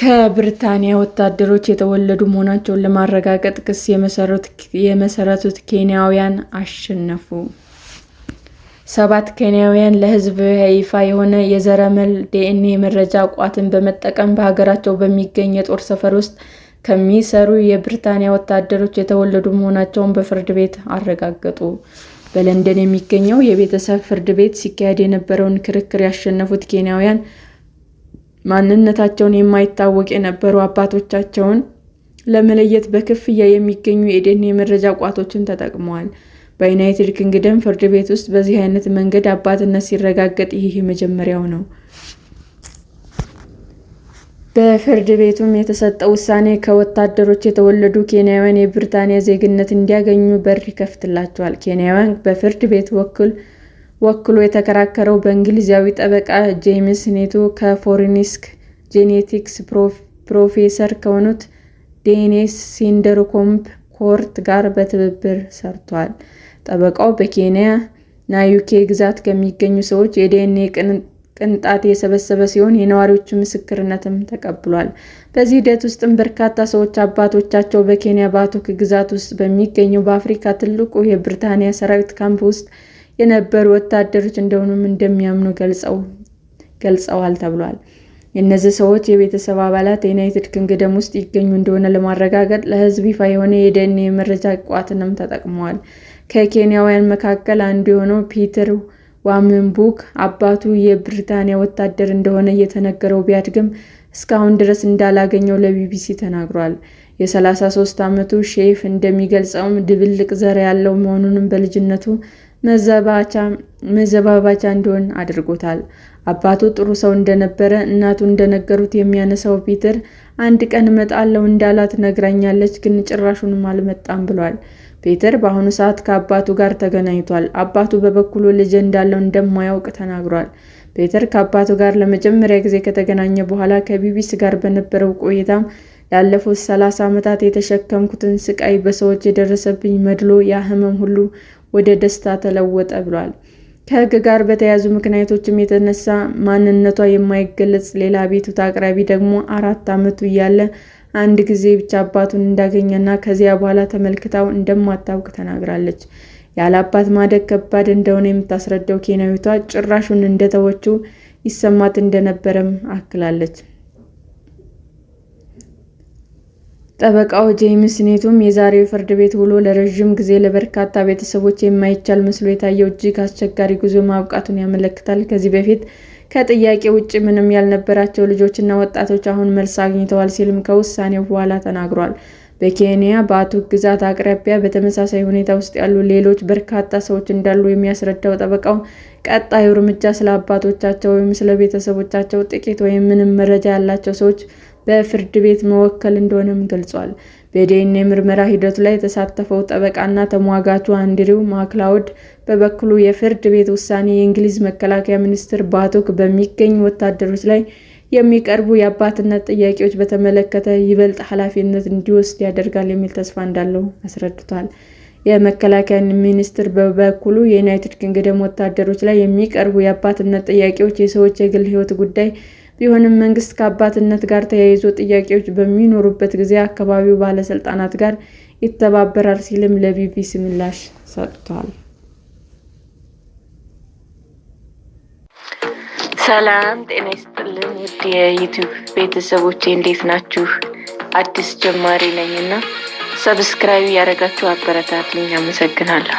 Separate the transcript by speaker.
Speaker 1: ከብሪታንያ ወታደሮች የተወለዱ መሆናቸውን ለማረጋገጥ ክስ የመሰረቱት ኬንያውያን አሸነፉ። ሰባት ኬንያውያን ለሕዝብ ይፋ የሆነ የዘረመል ዲኤንኤ መረጃ ቋትን በመጠቀም በሀገራቸው በሚገኝ የጦር ሰፈር ውስጥ ከሚሰሩ የብሪታንያ ወታደሮች የተወለዱ መሆናቸውን በፍርድ ቤት አረጋገጡ። በለንደን የሚገኘው የቤተሰብ ፍርድ ቤት ሲካሄድ የነበረውን ክርክር ያሸነፉት ኬንያውያን ማንነታቸውን የማይታወቅ የነበሩ አባቶቻቸውን ለመለየት በክፍያ የሚገኙ የዲኤንኤ መረጃ ቋቶችን ተጠቅመዋል። በዩናይትድ ኪንግደም ፍርድ ቤት ውስጥ በዚህ አይነት መንገድ አባትነት ሲረጋገጥ ይህ የመጀመሪያው ነው። በፍርድ ቤቱም የተሰጠው ውሳኔ ከወታደሮች የተወለዱ ኬንያውያን የብሪታንያ ዜግነት እንዲያገኙ በር ይከፍትላቸዋል። ኬንያውያን በፍርድ ቤት በኩል ወክሎ የተከራከረው በእንግሊዛዊ ጠበቃ ጄምስ ኔቶ ከፎሬንሲክ ጄኔቲክስ ፕሮፌሰር ከሆኑት ዴኒስ ሲንደርኮምፕ ኮርት ጋር በትብብር ሰርቷል። ጠበቃው በኬንያ ና ዩኬ ግዛት ከሚገኙ ሰዎች የዲኤንኤ ቅንጣት የሰበሰበ ሲሆን የነዋሪዎቹ ምስክርነትም ተቀብሏል። በዚህ ሂደት ውስጥም በርካታ ሰዎች አባቶቻቸው በኬንያ ባቶክ ግዛት ውስጥ በሚገኘው በአፍሪካ ትልቁ የብሪታንያ ሰራዊት ካምፕ ውስጥ የነበሩ ወታደሮች እንደሆኑም እንደሚያምኑ ገልጸዋል ተብሏል። የእነዚህ ሰዎች የቤተሰብ አባላት የዩናይትድ ኪንግደም ውስጥ ይገኙ እንደሆነ ለማረጋገጥ ለሕዝብ ይፋ የሆነ የዲኤንኤ መረጃ ቋትንም ተጠቅመዋል። ከኬንያውያን መካከል አንዱ የሆነው ፒተር ዋምንቡክ አባቱ የብሪታንያ ወታደር እንደሆነ እየተነገረው ቢያድግም እስካሁን ድረስ እንዳላገኘው ለቢቢሲ ተናግሯል። የ33 ዓመቱ ሼፍ እንደሚገልጸውም ድብልቅ ዘር ያለው መሆኑንም በልጅነቱ መዘባባቻ እንዲሆን አድርጎታል። አባቱ ጥሩ ሰው እንደነበረ እናቱ እንደነገሩት የሚያነሳው ፒተር አንድ ቀን እመጣለሁ እንዳላት ነግራኛለች፣ ግን ጭራሹንም አልመጣም ብሏል። ፒተር በአሁኑ ሰዓት ከአባቱ ጋር ተገናኝቷል። አባቱ በበኩሉ ልጅ እንዳለው እንደማያውቅ ተናግሯል። ፒተር ከአባቱ ጋር ለመጀመሪያ ጊዜ ከተገናኘ በኋላ ከቢቢሲ ጋር በነበረው ቆይታም ላለፉት ሰላሳ ዓመታት የተሸከምኩትን ስቃይ፣ በሰዎች የደረሰብኝ መድሎ፣ ያ ሁሉ ወደ ደስታ ተለወጠ ብሏል። ከህግ ጋር በተያያዙ ምክንያቶችም የተነሳ ማንነቷ የማይገለጽ ሌላ አቤቱታ አቅራቢ ደግሞ አራት ዓመቱ እያለ አንድ ጊዜ ብቻ አባቱን እንዳገኘና ከዚያ በኋላ ተመልክታው እንደማታውቅ ተናግራለች። ያለ አባት ማደግ ከባድ እንደሆነ የምታስረዳው ኬንያዊቷ ጭራሹን እንደተወችው ይሰማት እንደነበረም አክላለች። ጠበቃው ጄምስ ኔቱም የዛሬው ፍርድ ቤት ውሎ ለረዥም ጊዜ ለበርካታ ቤተሰቦች የማይቻል መስሎ የታየው እጅግ አስቸጋሪ ጉዞ ማብቃቱን ያመለክታል። ከዚህ በፊት ከጥያቄ ውጭ ምንም ያልነበራቸው ልጆችና ወጣቶች አሁን መልስ አግኝተዋል ሲልም ከውሳኔው በኋላ ተናግሯል። በኬንያ በአቱክ ግዛት አቅራቢያ በተመሳሳይ ሁኔታ ውስጥ ያሉ ሌሎች በርካታ ሰዎች እንዳሉ የሚያስረዳው ጠበቃው ቀጣዩ እርምጃ ስለ አባቶቻቸው ወይም ስለ ቤተሰቦቻቸው ጥቂት ወይም ምንም መረጃ ያላቸው ሰዎች በፍርድ ቤት መወከል እንደሆነም ገልጿል። በዲኤንኤ ምርመራ ሂደቱ ላይ የተሳተፈው ጠበቃና ተሟጋቹ አንድሪው ማክላውድ በበኩሉ የፍርድ ቤት ውሳኔ የእንግሊዝ መከላከያ ሚኒስትር ባቶክ በሚገኙ ወታደሮች ላይ የሚቀርቡ የአባትነት ጥያቄዎች በተመለከተ ይበልጥ ኃላፊነት እንዲወስድ ያደርጋል የሚል ተስፋ እንዳለው አስረድቷል። የመከላከያ ሚኒስትር በበኩሉ የዩናይትድ ኪንግደም ወታደሮች ላይ የሚቀርቡ የአባትነት ጥያቄዎች የሰዎች የግል ሕይወት ጉዳይ ቢሆንም መንግስት ከአባትነት ጋር ተያይዞ ጥያቄዎች በሚኖሩበት ጊዜ አካባቢው ባለስልጣናት ጋር ይተባበራል ሲልም ለቢቢሲ ምላሽ ሰጥቷል።
Speaker 2: ሰላም ጤና ይስጥልን ውድ የዩቲዩብ ቤተሰቦቼ እንዴት ናችሁ? አዲስ ጀማሪ ነኝ እና ሰብስክራይብ ያደረጋችሁ አበረታትልኝ። አመሰግናለሁ።